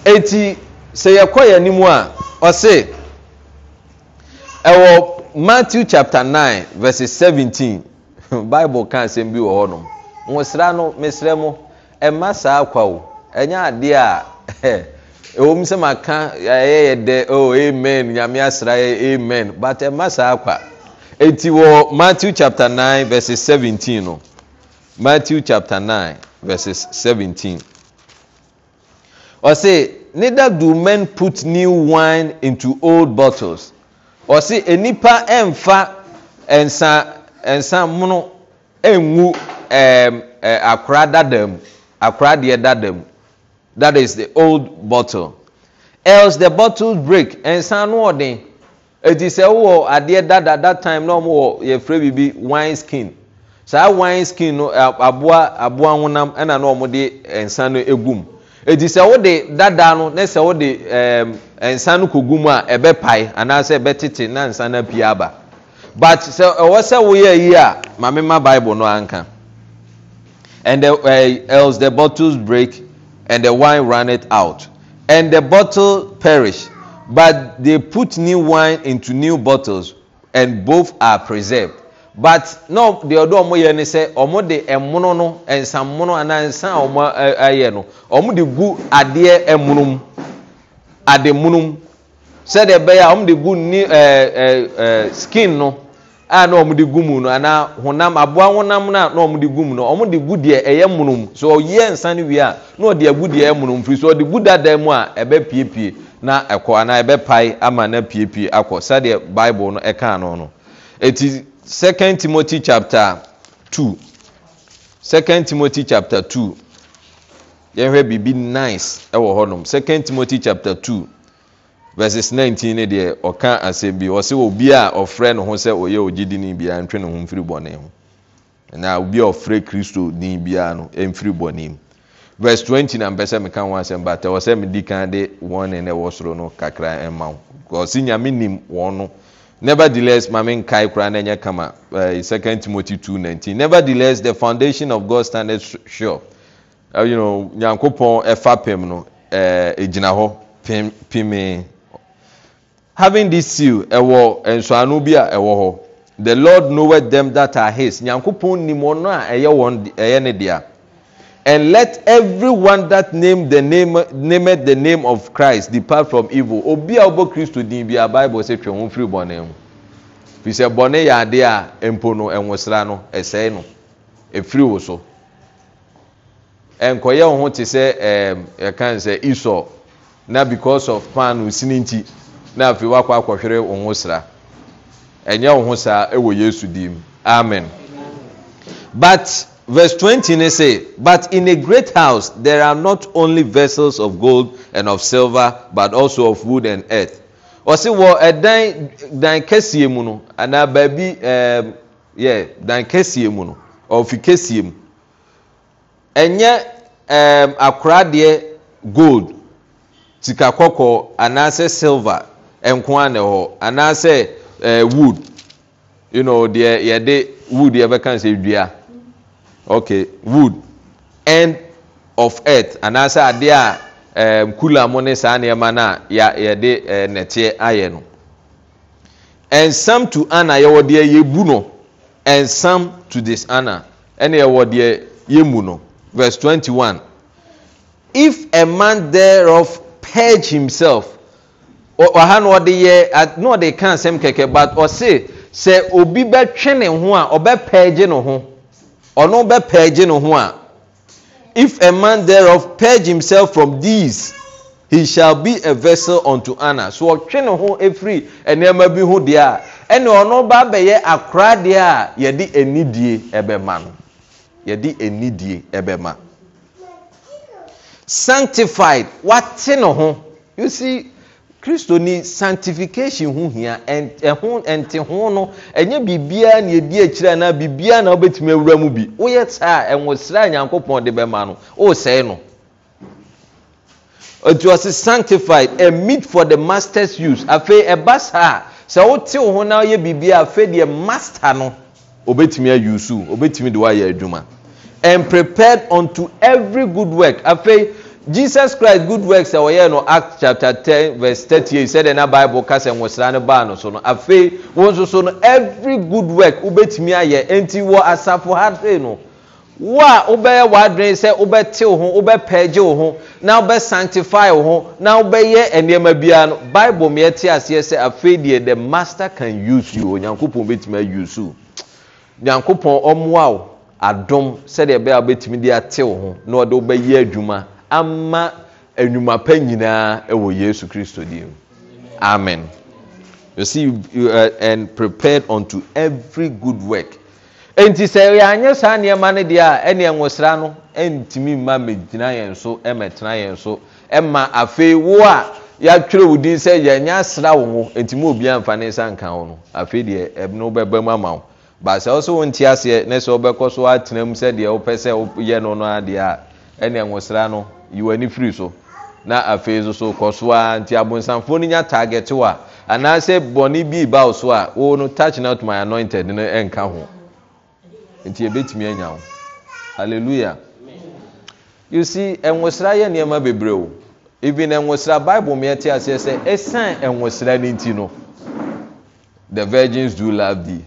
ɛnti sɛ yɛkɔ yɛ anim a ɔse ɛwɔ matthew chapter nine verse seventeen [LAUGHS] bible kan asɛm bi wɔ hɔ nom nwosra no mesrɛ mo ɛmma saa kwa wo ɛnyɛ adeɛ a [LAUGHS] ɛwom sɛ maka ɛyɛ dɛ oh amen nyame asra yɛ amen but ɛma saa kwa eti wɔ matthew chapter nine verse seventeen no matthew chapter nine verses seventeen ɔsi neither do men put new wine into old bottles ɔsi enipa ɛnfa ɛnsa ɛnsa mono ɛnwu ɛɛm ɛ akora dada mu akora deɛ dada mu. That is the old bottle. Else the bottles break. Nsa no ɔden. Eti sɛ wɔ adeɛ dada that time na wɔn wɔ yɛfrɛ bibi wine skin. Saa wine skin no aboa aboa honam ɛna na wɔn de nsa eh, no egum. Eti sɛ wɔde dada no eh, ah, na sɛ wɔde ɛɛm nsa no kɔ gum a ɛbɛ pae anaasɛ ɛbɛtete na nsa no aba. But sɛ ɛwɔ sɛ wɔyɛ yi a maame ma Bible no anka. And the, uh, eh, else the bottles break and the wine ran it out, and the bottle perished, But they put new wine into new bottles, and both are preserved. But no, the other ọmọ yẹn ni sẹ ọmọ de ẹmono no ẹnsamono anaa nsan ọmọ ayẹ eh, eh, no ọmọ de gu adeɛ ɛmono mu ademono mu sɛ de de gu ni eh, skin no. a na de gu mu no anaa honam aboa honam na gu mu no de gu deɛ ɛyɛ monom sɛ ɔyɛ wie a na ɔde agu deɛ ɛyɛ monom firi ɔde dada mu a na ɛkɔ anaa ɛbɛpae ama na piepie akɔ sɛdeɛ bible no ɛkaa no no ɛti 2 timothy chapter 2 2 timothy chapter 2 yɛhwɛ biribi nice wɔ hɔnom 2 timothy chapter 2 verses 19 ne deɛ ɔka asɛm bi ɔsɛ obi a ɔfrɛ ne ho sɛ ɔyɛ ogyidi ne biara ntwe ne ho mfiri bɔne ho na obi a ɔfrɛ kristo ne biara no mfiri bɔne mu verse 20 na mpɛ sɛ meka ho asɛm bata ɔwɔ sɛ medi kan de wɔn ne ne wɔ soro no kakra ma wo ɔsi nyame nim wɔn no nevertheless maame nkae koraa na ɛnyɛ kama uh, eh, 2 timothy 2:19 nevertheless the foundation of god standeth sure you know, nyankopɔn ɛfa pem no ɛgyina eh, uh, hɔ pem pemee having this seal ɛwɔ nsoano bi a ɛwɔ hɔ the lord knoweth them that are his nyankopɔn nim wɔn a ɛyɛ wɔn ɛyɛ ne dea and let everyone that name the name named the name of christ depart from evil obi a wobɔ kristo din bi a bible sɛ twɛn ho firi bɔne mu fi sɛ bɔne yɛ adeɛ a mpo no ɛnwosra no ɛsɛe no ɛfiri wo so ɛnkɔyɛ wo ho te sɛ ɛɛ ɛkan sɛ esau na because of pan sininti na afei woakɔ akɔhwere wo ho sra ɛnyɛ wo ho saa ɛwɔ yesu di mu amen but verse 20 ne say but in a great house there are not only vessels of gold and of silver but also of wood and earth ɔsi wɔ ɛdan dan kɛseɛ mu no anaa baabi ɛɛm yɛ dan kɛseɛ mu no ɔfi kɛseɛ mu ɛnyɛ ɛɛm akoradeɛ gold sika kɔkɔɔ anaasɛ silver nko anɛ hɔ anaasɛ eh, wood n deɛ yɛde wood yɛbɛkan sɛ dua ok wood ɛnd of earth anaasɛ adeɛ a nkulamo eh, ne saa nneɛma no a yɛde eh, nnɛteɛ ayɛ no ɛnsam to ana yɛwɔ deɛ yɛbu no ɛnsam to this ana ɛne yɛwɔ deɛ yɛmu no vers 21 if aman thereof pedge himself ɔha no ɔde yɛ na ɔde ka asɛm kɛkɛ but ɔse sɛ obi bɛtwe ne ho a ɔbɛpɛɛgye ne ho ɔno bɛpɛɛgye ne ho a if a man thereof purge himself from these he shall be a vessel unto honor so ɔtwe ne ho efiri nneɛma bi ho deɛ a ɛnna ɔno ba bɛyɛ akora deɛ a yɛde anidie ɛbɛma no yɛde anidie ɛbɛma sanctified wate ne ho you see kristo ni sanctification ho hia ɛho ɛnte ho no ɛnyɛ biribiara na yɛdi akyire anaa biribiara na wobɛtumi awura mu bi woyɛ saa ɛnwo sra nyankopɔn de bɛma no wosɛe no it was sanctified a meet for the master's use afei ɛba saa sɛ wotew ho na woyɛ biribiara afei deɛ master no obɛtumi ayusu obɛtumi de woayɛ adwuma and prepared unto every good work afei jesus christ good works a wɔyɛ no act chapter ten, verse 38 sɛdeɛ na bible ka sɛ nwosra no baa no so no afei wɔn nso so no every good work wobɛtumi ayɛ enti wɔ asafo ha sei no wo a wobɛyɛ w'adwene sɛ wobɛte wo ho wobɛpɛɛgye wo ho na wobɛsanctify wo ho na wobɛyɛ nneɛma biara no bible meɛte aseɛ sɛ afei deɛ the master can use you onyankopɔn bɛtumi ayuse wo nyankopɔn ɔmmoa wo adom sɛdeɛ ɛbɛyɛ a wobɛtumi de ate wo ho na ɔde wobɛyɛ adwuma ama enwuma pa nyinaa ɛwɔ yesu kristo dim amen you see you, are uh, and prepared unto every good work nti sɛ yɛanyɛ saa nneɛma no deɛ a ɛne ɛnwosra no ɛntumi mma mɛgyina yɛn so ɛmɛtena yɛn so ɛma afei wo a yɛatwerɛ wo din sɛ yɛnyɛ asra wo ho nti mu obi amfa ne nsa nka wo no afei deɛ ɛno bɛba mu ama wo baasa wo sɛ wonte aseɛ ne sɛ wobɛkɔ so atena mu sɛdeɛ wopɛ sɛ woyɛ no no adeɛ a ɛne nwosra no yiw'ani firi so na afei nso so kɔ so a nti abonsamfoɔ no nya target a anaasɛ bɔne bi bawo so a wo no touch not my anointed no ɛnka ho nti yɛbɛtumi anya ho halleluya you see nwosra yɛ nneɛma bebree o even nwosra bible meɛte aseɛ sɛ ɛsan nwosra no nti no the virgins do love thee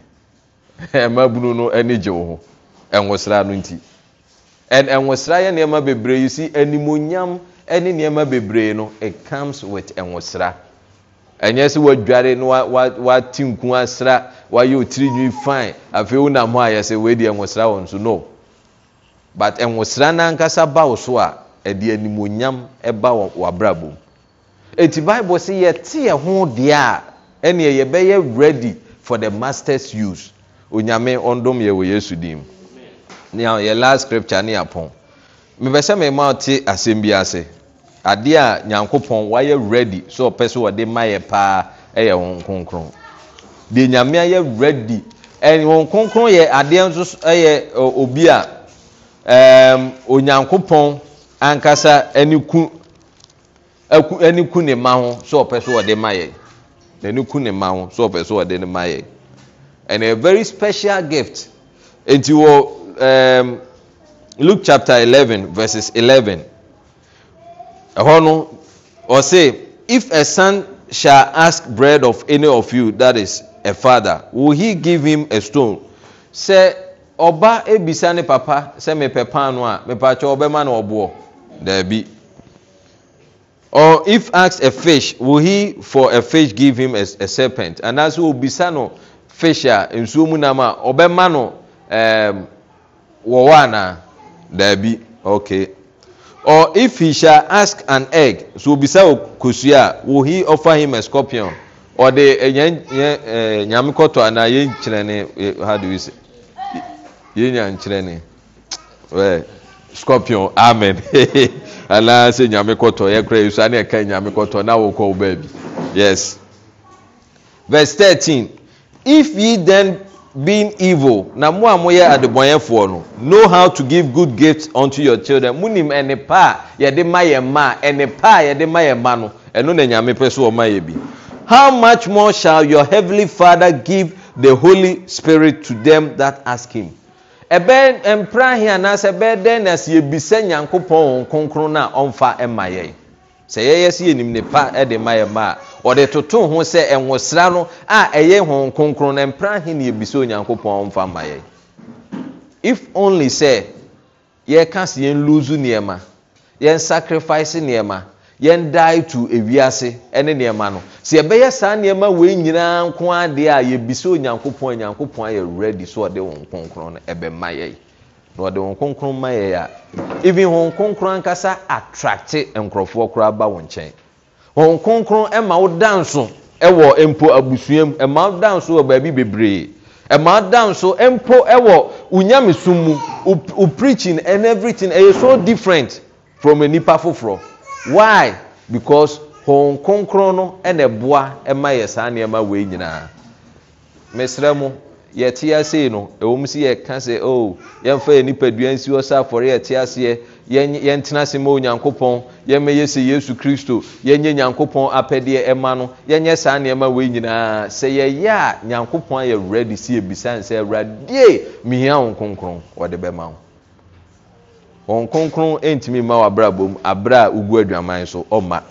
[LAUGHS] ɛma bunu no ani gye wo ho nwosra no nti ɛnwosra yɛ nnoɔma bebree yi si animonyam ne nnoɔma bebree no it comes with ɛnwosra ɛnyɛ sɛ woadware no woate nku asra woayɛ ɔtiri nwi fine afei wonam hɔ ayɛ sɛ weidi ɛwosra wɔ so no but ɛwosra no ankasa ba wo so a ɛde e animonyam e ba wabrabɔm ɛnti bible sɛ yɛte yɛ ho deɛ a ɛneɛ yɛbɛyɛ ready for the masters use onyame ɔndom yɛ wɔ yesu dim yɛ last scripture ne yɛapɔn mepɛ sɛ memma ɔte asɛm bi ase adeɛ a nyankopɔn wayɛ ready So, ɔpɛ sɛ wɔde ma yɛ paa yɛ hon kronkron deɛ nyame ayɛ ready hon kronkron yɛ adeɛ nso yɛ obi a onyankopɔn ankasa ani ku ne ma ho sɛ ɔpɛ so wɔde ma yɛ n'ani ku ne ma ho sɛ ɔpɛ sɛ wɔde ma yɛ and a very special gift nti wɔ um, luke chapter eleven verses 11 ɛhɔ no ɔse if a son shall ask bread of any of you that is a father will he give him a stone sɛ ɔba ebisa ne papa sɛ mepɛ pan no a mepakyɛ ɔbɛma no ɔboɔ daabi or if asked a fish will he for a fish give him a, a serpent anaasɛ obisa no fish a nsuo mu nam a ɔbɛma no um, wɔwɔ anaa daabi okay or if he shall ask an egg so obisa kosua a will he offer him a scorpion ɔde eh, yɛn yɛn eh, nyame kɔtɔ anaa yɛn nkyerɛni eh, how do we say yɛn nya nkyerɛni well scorpion amen [LAUGHS] anaa sɛ nyame kɔtɔ yɛ kura yesu ani ɛka nyame kɔtɔ na wɔkɔ wo baabi yes verse thirteen if ye then being evil na mu a moyɛ adebɔnyɛfoɔ no know how to give good gifts unto your children monim ɛnepa a yɛde ma yɛ ma a ɛnepa a yɛde ma yɛ ma no ɛno na nyame pɛ so ɔma yɛ bi how much more shall your heavenly father give the holy spirit to them that ask him ɛbɛn mpranhi anaasɛ ɛbɛn dɛn na sɛ yɛbisa nyankopɔn wɔn kronkron na ɔmfa ɛma yɛn. sɛ yɛyɛ sɛ yɛnim pa de mma a ɔde toto ho sɛ no a ɛyɛ hon kronkron na mpra na ne yɛbisɛ onyankopɔn ɔmfa mma yɛ if only sɛ yɛrka se yɛn luso nneɛma yɛn sacrifice nneɛma yɛn die to ewiase ne nneɛma no sɛ saa wei nyinaa nko adeɛ a ayɛ so ɔde wɔn na ɔde wɔn kronkron ma yɛ a even wɔn kronkron ankasa atrakte nkurɔfoɔ koraa ba wɔn nkyɛn wɔn kronkron ɛma wo danso ɛwɔ mpo abusua mu ɛma wo danso wɔ baabi bebree ɛma wo danso mpo ɛwɔ unyamesum mu o preaching and everything ɛyɛ so different from nipa foforɔ why because wɔn kronkron no ɛna ɛboa ɛma yɛ saa nneɛma wei nyinaa mesrɛ mo. yɛte ase no mu si yɛka sɛ o oh, yɛmfa yɛ nipadua nsi hɔ sɛ afɔre yɛte aseɛ yɛn yɛntena ase ma onyankopɔn yɛmɛyɛ sɛ yesu kristo yɛnyɛ nyankopɔn apɛdeɛ ɛma no yɛnyɛ saa nneɛma wei nyinaa sɛ yɛyɛ a nyankopɔn ayɛ wurade si ebisa nsɛ awuradie mihia wɔn kronkron wɔde bɛma wo wɔn konkron ntumi ma w'abrabom abra a ugu adwaman so ɔma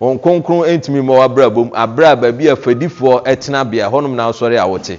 wɔn konkron ntumi ma w'abrabom abra a baabi a fadifoɔ ɛtena bea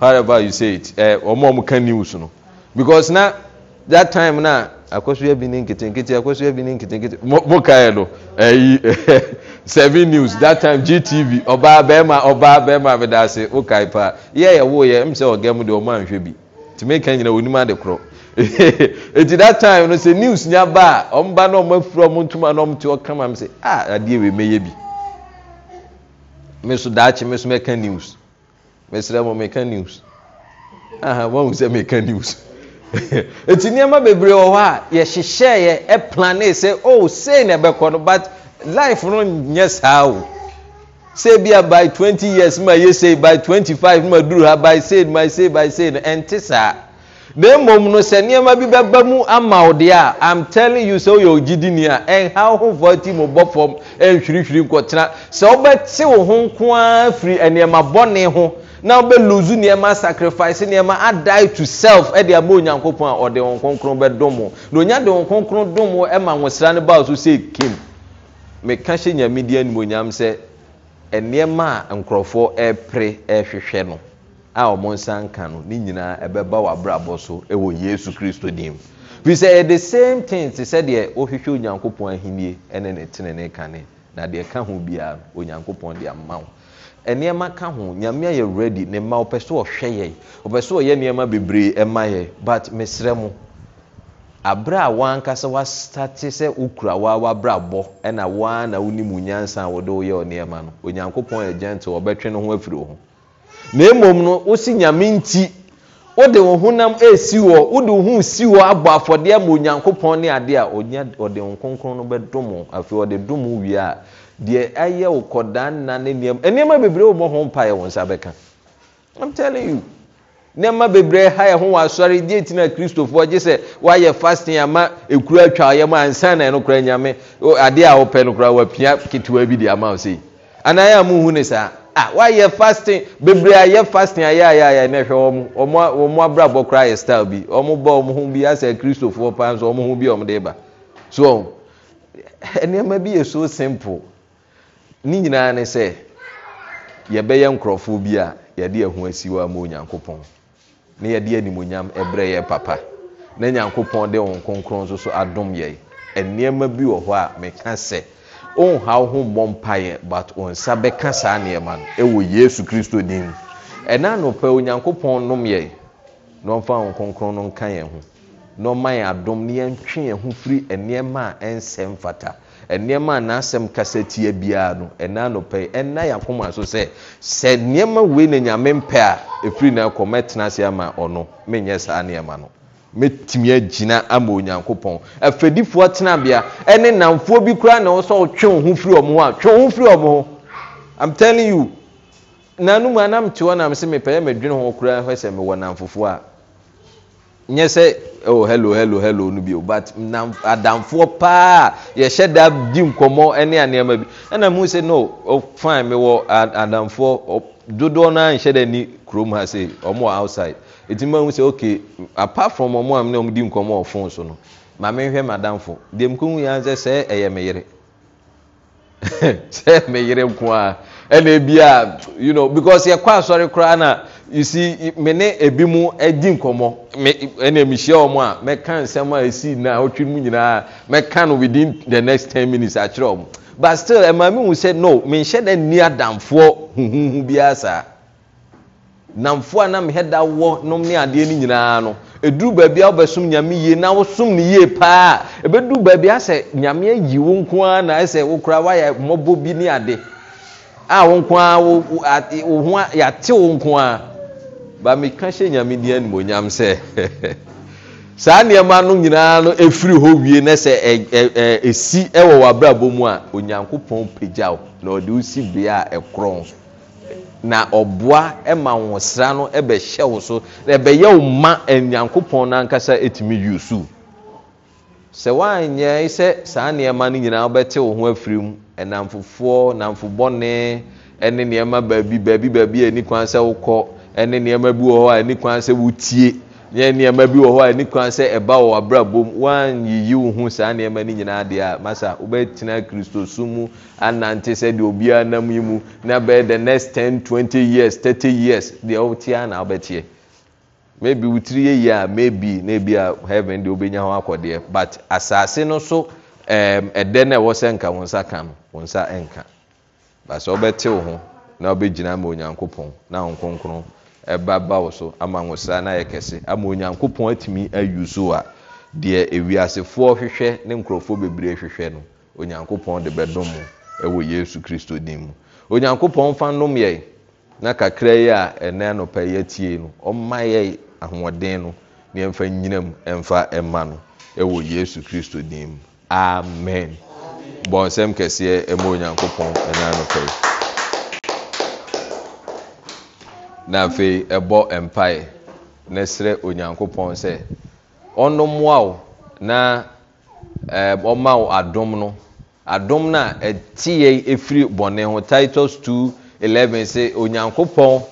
however you say it eh, ọmọ ọmọ ka news no because na that time na akɔso ebi ne nketenkete akɔso ebi ne nketenkete mo mo ka yɛ no ɛyi seven news that time gtv ɔbaa bɛrima ɔbaa bɛrima abɛda ase o ka yi paa yɛ yɛ wo yɛ mpɛ ɔgɛ mu deɛ ɔmo anhwɛ bi tìmɛ kan nyina onim adi korɔ [LAUGHS] eti that time no sɛ news nya ba ɔmo ba na ɔmo afura ɔmo ntoma na ɔmo te mi sɛ adeɛ yɛ bi mi so daakye mi so news. mesrɛ mo meka news wahu sɛ meka news ɛti nnoɔma bebree wɔ hɔ a yɛhyehyɛeɛ ɛplanee sɛ o sei ne ɛbɛkɔ no but life no nyɛ saa o sɛ bia by 20 years ma yɛsei by 25 maduru ha by sei by sei by sei no ɛnte saa na mmom no sɛ nneɛma bi bɛba mu ama wo deɛ a i'm telling you sɛ woyɛ ogyidini a ɛnha hofoɔ ati mo bɔ fam ɛnhwirihwiri nkɔtena sɛ wobɛte wo ho nko ara firi nneɛma bɔne ho na wobɛluzu nneɛma sacrifice nneɛma adae to self ɛde ama onyankopɔn a ɔde wɔn kronkron bɛdom wo na onya de wɔn kronkron dom wo ɛma nwosra no baa so sɛ kim meka hyɛ nyame di animonyam sɛ nneɛma a nkurɔfoɔ ɛrepere ɛrehwehwɛ no a ɔmo nsa nka no ne nyinaa ɛbɛba w'abrabɔ so wɔ yesu kristo dim firi sɛ yɛde same tin te deɛ wohwehwɛ onyankopɔn ahennie ne ne tenene kane na deɛ ka ho biara. onyankopɔn de ama wo Nneɛma ka ho nyame yɛ werɛdi ne mma wopɛ sɛ ɔhwɛ yɛ ɔpɛ sɛ ɔyɛ nneɛma bebree ɛma yɛ but mesrɛ mo aberɛ a wankasa woasate sɛ wokura woa abɔ ɛna waa na wonim wo nyansa a wode woyɛ ɔnnoɔma no onyankopɔn agente ɔbɛtwe no ho afiri wo ho na emom no wosi nyame nti wode wo honam esi hɔ wode wo ho si hɔ abɔ afɔdeɛ ama onyankopɔn ne ade a ɔde wo kronkron no bɛdom afei ɔde dom wie a deɛ wo kɔdaa nna ne nneɛma nneɛma bebree wɔ ho mpa yɛ wɔn nsa bɛka i'm telling you ha yɛ ho wɔ asɔre deɛ na kristofoɔ gye sɛ wɔayɛ fasting ama ekura atwa ayɛ mu ansa na ɛno kora nyame a wɔpɛ no kora wɔapia ketewa bi Ah, woayɛ fastin bebree ayɛ fastin ayɛayɛayɛ ne hwɛ ɔmo abrabɔ koraa yɛ style bi ɔmobɔ ɔmo ho bi asɛ kristofoɔ paa so ɔmo ho bi ɔmode ba so nnoɔma bi yɛ so simple ne nyinaa ne sɛ yɛbɛyɛ nkurɔfoɔ bi a yɛde aho asiwɔ a ma onyankopɔn na yɛde animonyam brɛ yɛ papa na nyankopɔn de wɔ kronkron nso so adum yɛi nnoɔma bi wɔ hɔ a meka sɛ ɔnhaw ho mmɔ mpaeɛ but ɔnsa bɛka saa nnoɔma no ɛwɔ yesu kristo din mu ɛna nopɛ onyankopɔn nom yɛ na ɔmfa ho kronkron no nka yɛn ho na yɛn adom na yɛntwe yɛn ho firi nnoɔma a ɛnsɛm fata nnoɔma a n'asɛm kasa tia biara no ɛna nopɛ ɛna yɛakoma so sɛ sɛ nnoɔma wei ne nyame mpɛ a ɛfiri na ɛkɔ mɛtena ase ama ɔno menyɛ saa nneɛma no mɛtumi agyina ama onyankopɔn afɛdifoɔ tenabea ɛne nnamfoɔ bi koraa newo sɛotwe ho firiwehofiri ɔmho m telin ou nau anamtehɔnom s mepɛyɛ medwene hɔ krah sɛ mewɔ namfofoɔ a yɛ sɛ oh, adamfoɔ paaa yɛhyɛ da di nkɔmmɔ ne annoɔma bi ɛnamhs nfa mewɔadamfoɔdodoɔ no oh, anhyɛda ni kurom ha sei ɔmɔ outside ɛtima hu sɛ ok apart from ɔmo a mne ɔmdi nkɔmmɔ ɔfon so no ma menhwɛ m'adamfo deɛ mkɔhu yɛa sɛ sɛ ɛyɛ me yere sɛ me yere nko a ɛna e bi a you know because yɛkɔ asɔre koraa na you see me ne ebi mu edi nkɔmɔ me ɛna mehyia wɔn a mɛka nsɛm a esi na ɔtwi mu nyinaa mɛka no within the next ten minutes akyerɛ wɔn but still ɛmaa mi hu sɛ no me nhyɛ dɛ nni adamfoɔ huhuhu biara saa. namfo e a nam heda wɔ nom ne adeɛ no nyinaa no ɛduru baabi a wobɛsom nyame yie na wosom no yie paa ɛbɛduru e baabi a sɛ nyame ayi wo nko ara na ɛsɛ e wokura koraa woayɛ mmɔbɔ bi ne ade a wo nko ara wo ho yɛate wo nko ara ba meka hyɛ nyame di animonyam sɛ [LAUGHS] saa nneɛma no nyinaa no ɛfiri hɔ wie na sɛ ɛsi wɔ w'abrabɔ mu a onyankopɔn pagyaw na ɔde wosi bea a ɛkorɔn na ɔboa ma wo sra no bɛhyɛ wo so ɛbɛyɛ wo ma nyankopɔn no ankasa ɛtumi yusu sɛ woanyɛe sɛ saa nnoɔma no nyinaa wobɛte wo ho afiri mu ɛnamfofoɔ namfobɔne ne nnoɔma baabi baabi baabi a ɛni kwan sɛ wokɔ ne nnoɔma bi wɔ hɔ a ɛni kwan sɛ wotie yɛ nneɛma bi wɔ hɔ a ɛni kwan sɛ ɛba wɔ abrabom wanyiyi wo ho saa nneɛma no nyinaa deɛ a masa wobɛtena kristo so mu anante sɛ deɛ obiara nam yi mu na bɛyɛ the next ten twenty years thirty years deɛ wote a na wobɛteɛ maybe wotiri yɛ yie a maybe na ebi a heaven deɛ wobɛnya ho akɔdeɛ but asase no so ɛɛm ɛdɛ na ɛwɔ sɛ nka wɔn nsa ka no wɔn nsa nka basɛ wobɛte wo ho na wobɛgyina ama onyankopɔn na wɔn nkonkron. ɛbɛba wo so ama wosaa na ayɛ kɛse ama onyankopɔn atumi ayu so a deɛ ɛwiasefoɔ hwehwɛ ne nkurɔfoɔ bebree hwehwɛ no onyankopɔn de bɛdom ɛwɔ yesu kristo din mu onyankopɔn fa nom yɛ na kakra yi a ɛnɛ yɛ tie no ɔmma yɛ ahoɔden no ne ɛmfa nyinam ɛmfa ɛma no ɛwɔ yesu kristo din mu amen bɔnsɛm nsɛm kɛseɛ ɛma onyankopɔn ɛnɛ nɔpa yi na afei ɛbɔ mpae ne srɛ onyankopɔn sɛ ɔno wo na ɔma wo adom no adom no a ɛtiyɛ ɛfiri bɔne ho titus two eleven sɛ onyankopɔn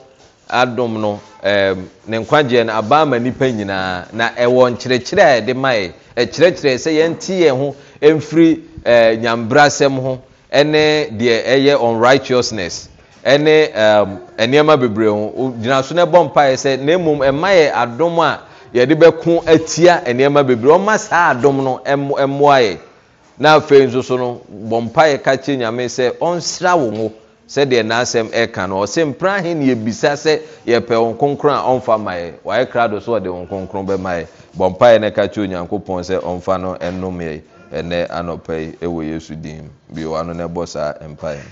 adom no ne nkwagyeɛ no abaa ma nnipa nyinaa na ɛwɔ nkyerɛkyerɛ a ɛde maɛ ɛkyerɛkyerɛ sɛ yɛnte yɛn ho ɛmfiri nyambrɛ asɛm ho ɛne deɛ ɛyɛ unrighteousness ɛne um, Nneɛma bebree ho gyina so no bɔ mpaeɛ sɛ ne mmom ɛma yɛ adom a yɛde bɛko atia nneɛma bebree ɔma saa adom no mmoayɛ na afei nso so no bɔ mpaeɛ ka kye nyame sɛ ɔnsra wɔn wo sɛdeɛ n'asɛm ɛka no ɔsɛ mpra ahe ne yɛbisa sɛ yɛpɛ wɔn kronkron a yɛ maeɛ wayɛ do so ɔde wɔn kronkron yɛ bɔ mpaeɛ no ka kye onyankopɔn sɛ ɔnfa no ɛnomyɛ ɛnɛ anɔpa yi ɛwɔ yesu din bio ano no bɔ saa mpaeɛ no